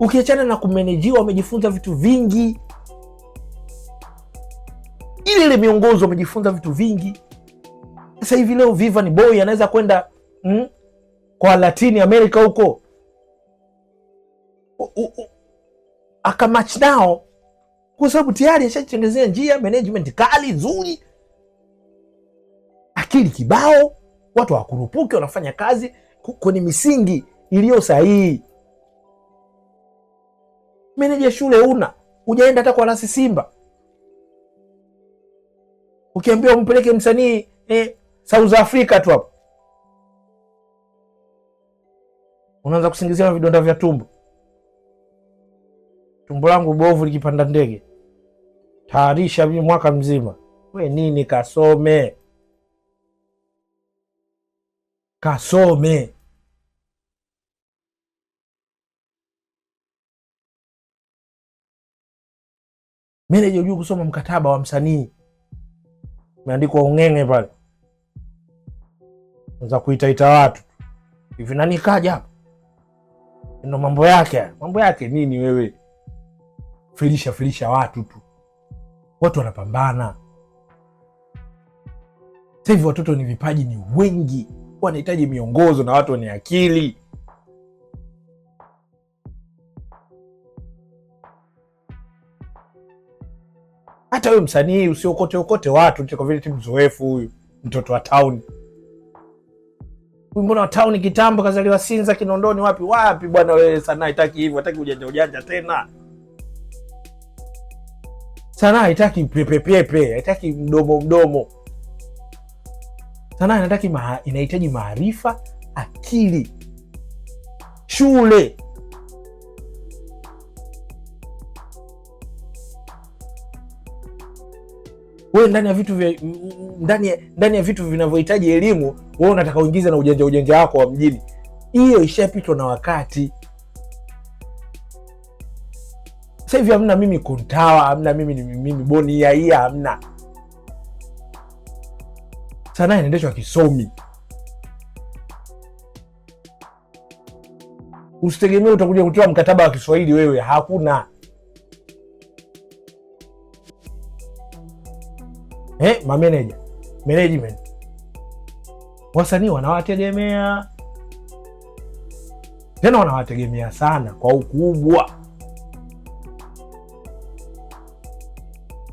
Ukiachana na kumenejiwa, wamejifunza vitu vingi. Ile ile miongozo, wamejifunza vitu vingi. Sasa hivi leo Vivian Boy anaweza kwenda mm, kwa Latini America huko akamach nao, kwa sababu tayari ashatengenezea njia, management kali nzuri, akili kibao, watu hawakurupuki, wanafanya kazi kwenye misingi iliyo sahihi meneja shule una ujaenda hata kwa rasi Simba, ukiambiwa umpeleke msanii eh, South Africa tu hapo unaanza kusingizia vidonda vya tumbo. Tumbo langu bovu likipanda ndege, taarisha mimi mwaka mzima. We nini? Kasome, kasome. meneja hujui kusoma mkataba wa msanii, umeandikwa ung'eng'e pale, za kuitaita watu hivi, nani kaja hapa? Ndo mambo yake mambo yake nini? Wewe filisha filisha watu tu, watu wanapambana sasa hivi. Watoto ni vipaji ni wengi, wanahitaji miongozo na watu wenye akili hata huyu msanii usiokote okote watu kwa vile timu zoefu, huyu mtoto wa town huyu, mbona wa town kitambo kazaliwa Sinza, Kinondoni, wapi wapi bwana. Wewe sanaa haitaki hivyo, hataki ujanja ujanja tena. Sanaa haitaki pepepepe, haitaki mdomo mdomo. Sanaa inataki, inahitaji maarifa, akili, shule wewe ndani ya vitu vya ndani ndani ya vitu vinavyohitaji elimu, wewe unataka uingize na ujanja ujanja wako wa mjini. Hiyo ishapitwa na wakati. Sasa hivi hamna mimi kontawa, hamna mimi ni mimi boni ya hii, hamna. Sanaa inaendeshwa kisomi. Usitegemee utakuja kutoa mkataba wa Kiswahili wewe, hakuna. eh, manager management, wasanii wanawategemea tena, wanawategemea sana kwa ukubwa,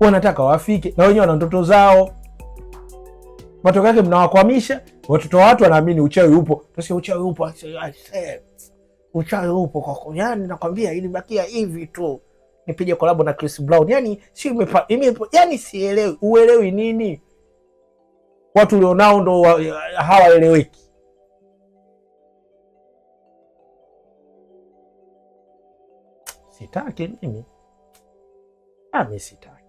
wanataka wafike na wenyewe wana ndoto zao. Matokeo yake mnawakwamisha watoto wa watu, wanaamini uchawi upo. Tusikia uchawi upo, uchawi upo, kunyani, nakwambia ilibakia hivi tu nipige kolabo na Chris Brown. Yani si imepa, imepa, yani sielewi, uelewi nini? Watu ulionao ndo hawaeleweki. Sitaki mimi ami, ah, sitaki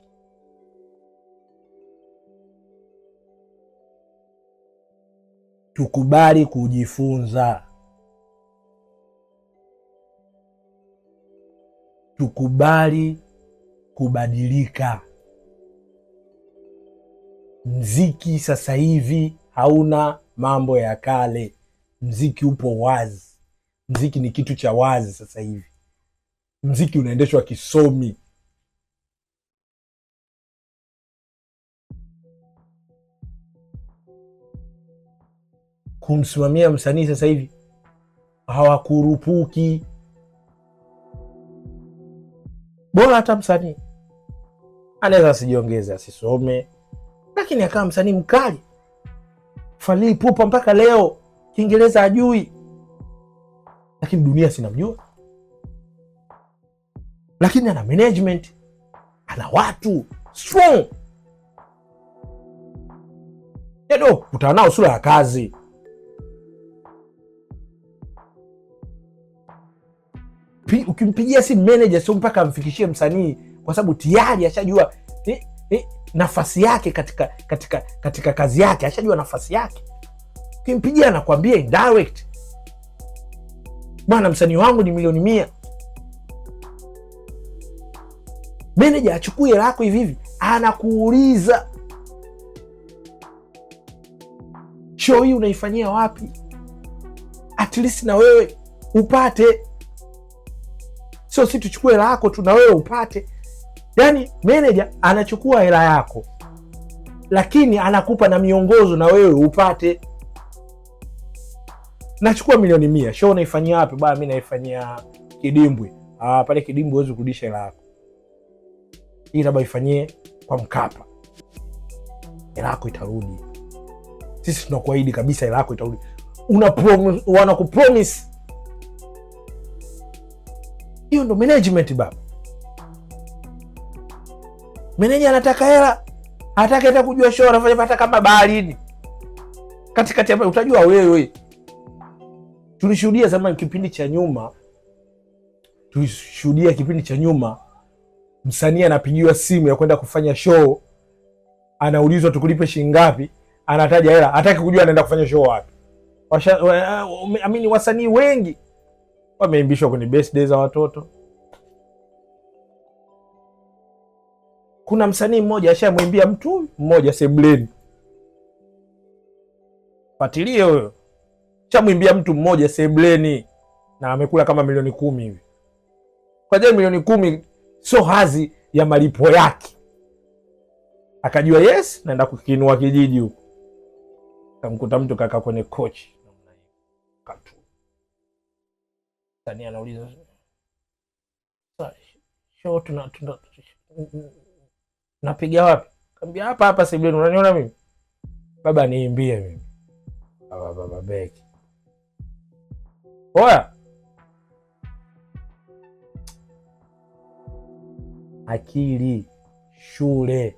tukubali kujifunza. tukubali kubadilika. Mziki sasa hivi hauna mambo ya kale, mziki upo wazi. Mziki ni kitu cha wazi sasa hivi, mziki unaendeshwa kisomi. Kumsimamia msanii sasa hivi hawakurupuki bora hata msanii anaweza asijiongeze, asisome, lakini akawa msanii mkali. Fally Ipupa mpaka leo Kiingereza ajui lakini dunia sinamjua, lakini ana management, ana watu strong, yaani oh, kutana nao sura ya kazi ukimpigia simu manager sio mpaka amfikishie msanii, kwa sababu tayari ashajua eh, eh, nafasi yake katika katika katika kazi yake, ashajua nafasi yake. Ukimpigia anakwambia indirect, bwana, msanii wangu ni milioni mia. Meneja achukue hela yako hivi hivi, anakuuliza show hii unaifanyia wapi, at least na wewe upate sio si tuchukue hela yako tu na wewe upate. Yani meneja anachukua hela yako, lakini anakupa na miongozo na wewe upate. Nachukua milioni mia, show naifanyia wapi? Baa, mi naifanyia Kidimbwi. Ah, pale Kidimbwi huwezi kurudisha hela yako, hii labda ifanyie kwa Mkapa, hela yako itarudi. Sisi tunakuahidi kabisa, hela yako itarudi. Una wanakupromise hiyo ndo management baba. Meneja anataka hela, hataki hata kujua show anafanya, hata kama baharini katikati hapo, utajua wewe. Tulishuhudia zamani kipindi cha nyuma, tulishuhudia kipindi cha nyuma, msanii anapigiwa simu ya kwenda kufanya show, anaulizwa tukulipe shilingi ngapi, anataja hela, hataki kujua anaenda kufanya show wapi. Amini wasanii wengi wameimbishwa kwenye birthday za watoto. Kuna msanii mmoja ashamwimbia mtu mmoja sebleni, fatilie huyo, shamwimbia mtu mmoja sebleni na amekula kama milioni kumi hivi kwa jai, milioni kumi sio hazi ya malipo yake. Akajua yes, naenda kukinua kijiji huko, kamkuta mtu kaka kwenye kochi katu Tania anauliza show tuna napiga wapi? kambia hapa hapa Siblin, unaniona mimi baba, niimbie mimi baba, baba beki oya akili shule,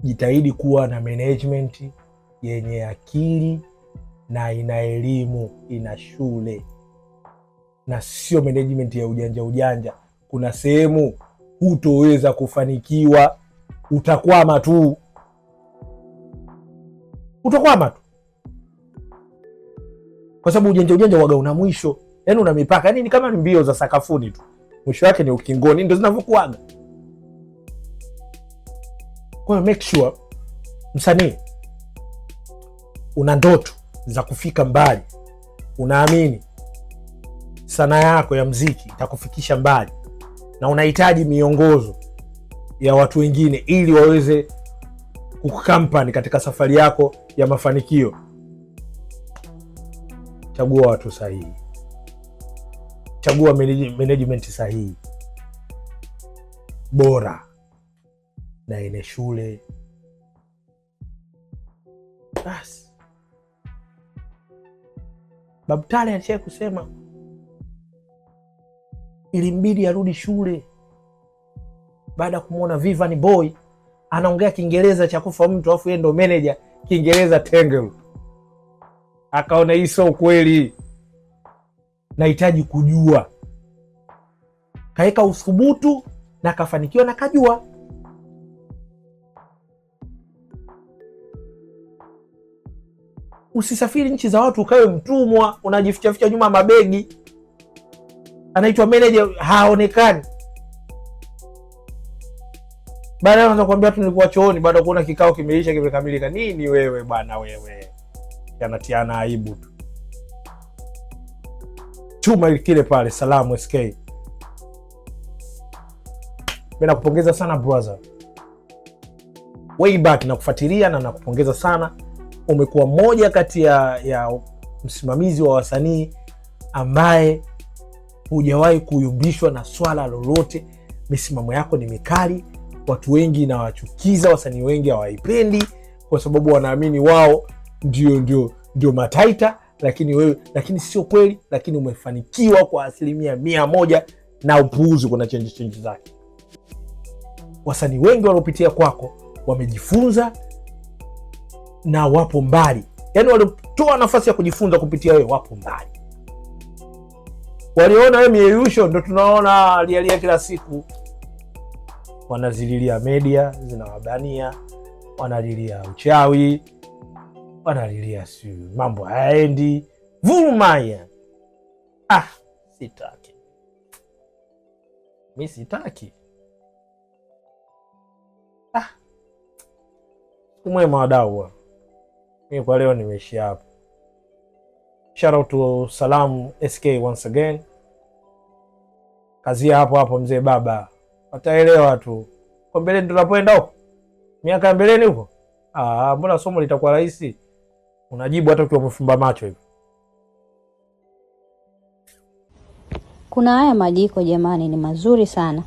jitahidi kuwa na management yenye akili na ina elimu, ina shule na sio management ya ujanja ujanja. Kuna sehemu hutoweza kufanikiwa, utakwama tu, utakwama tu, kwa sababu ujanja ujanja waga una mwisho, yani una mipaka, yani ni kama mbio za sakafuni tu, mwisho wake ni ukingoni, ndo zinavyokuaga. Kwa hiyo make sure msanii una ndoto za kufika mbali. Unaamini sanaa yako ya mziki itakufikisha mbali, na unahitaji miongozo ya watu wengine ili waweze kukampani katika safari yako ya mafanikio. Chagua watu sahihi, chagua management sahihi bora na yenye shule basi babtale Tale alishai kusema ilimbidi arudi shule baada ya kumwona Vivian Boy anaongea Kiingereza cha kufa mtu, alafu yeye ndo meneja Kiingereza tengel. Akaona hii sio kweli, nahitaji kujua. Kaweka uthubutu na kafanikiwa na kajua. Usisafiri nchi za watu ukawe mtumwa, unajificha ficha nyuma mabegi. Anaitwa meneja haonekani, baadaye anaanza kuambia watu nilikuwa chooni, baada ya kuona kikao kimeisha kimekamilika. Nini wewe bwana wewe, yanatiana aibu tu. Chuma kile pale salamu SK, mimi nakupongeza sana brother, way back nakufuatilia na nakupongeza sana umekuwa moja kati ya, ya msimamizi wa wasanii ambaye hujawahi kuyumbishwa na swala lolote. Misimamo yako ni mikali, watu wengi inawachukiza, wasanii wengi hawaipendi kwa sababu wanaamini wao ndio, ndio, ndio mataita, lakini wewe, lakini sio kweli, lakini umefanikiwa kwa asilimia mia moja na upuuzi. Kuna chenji chenji zake wasanii wengi wanaopitia kwako wamejifunza na wapo mbali, yaani walitoa nafasi ya kujifunza kupitia wewe wapo mbali. Waliona wewe mieyusho, ndo tunaona lialia kila siku, wanazililia media zinawabania, wanalilia uchawi, wanalilia si mambo hayaendi, vurumaya. Ah, sitaki mi, sitaki ah, kumwema wadau mimi kwa leo nimeishia hapo Shout out to Salam SK once again. Kazia hapo hapo mzee baba. Wataelewa tu. Kwa mbele tunapoenda huko. Miaka ya mbeleni huko. Ah, mbona somo litakuwa rahisi? Unajibu hata ukiwa umefumba macho hivi. Kuna haya majiko jamani, ni mazuri sana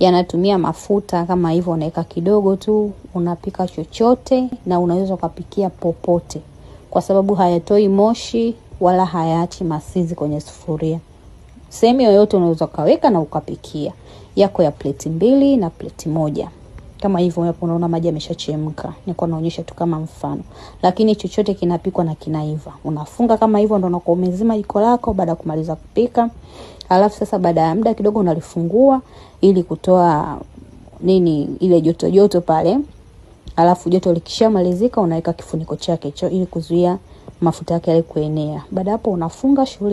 yanatumia mafuta kama hivyo, unaweka kidogo tu, unapika chochote na unaweza ukapikia popote, kwa sababu hayatoi moshi wala hayaachi masizi kwenye sufuria. Sehemu yoyote unaweza ukaweka na ukapikia yako ya pleti mbili na pleti moja kama hivyo. Hapo unaona maji yameshachemka, nilikuwa naonyesha tu kama mfano, lakini chochote kinapikwa na kinaiva. Unafunga kama hivyo, ndio unakuwa umezima jiko lako baada ya kumaliza kupika. Alafu sasa baada ya muda kidogo unalifungua ili kutoa nini ile joto joto pale. Alafu joto likishamalizika unaweka kifuniko chake hicho ili kuzuia mafuta yake yale kuenea. Baada hapo unafunga shughuli.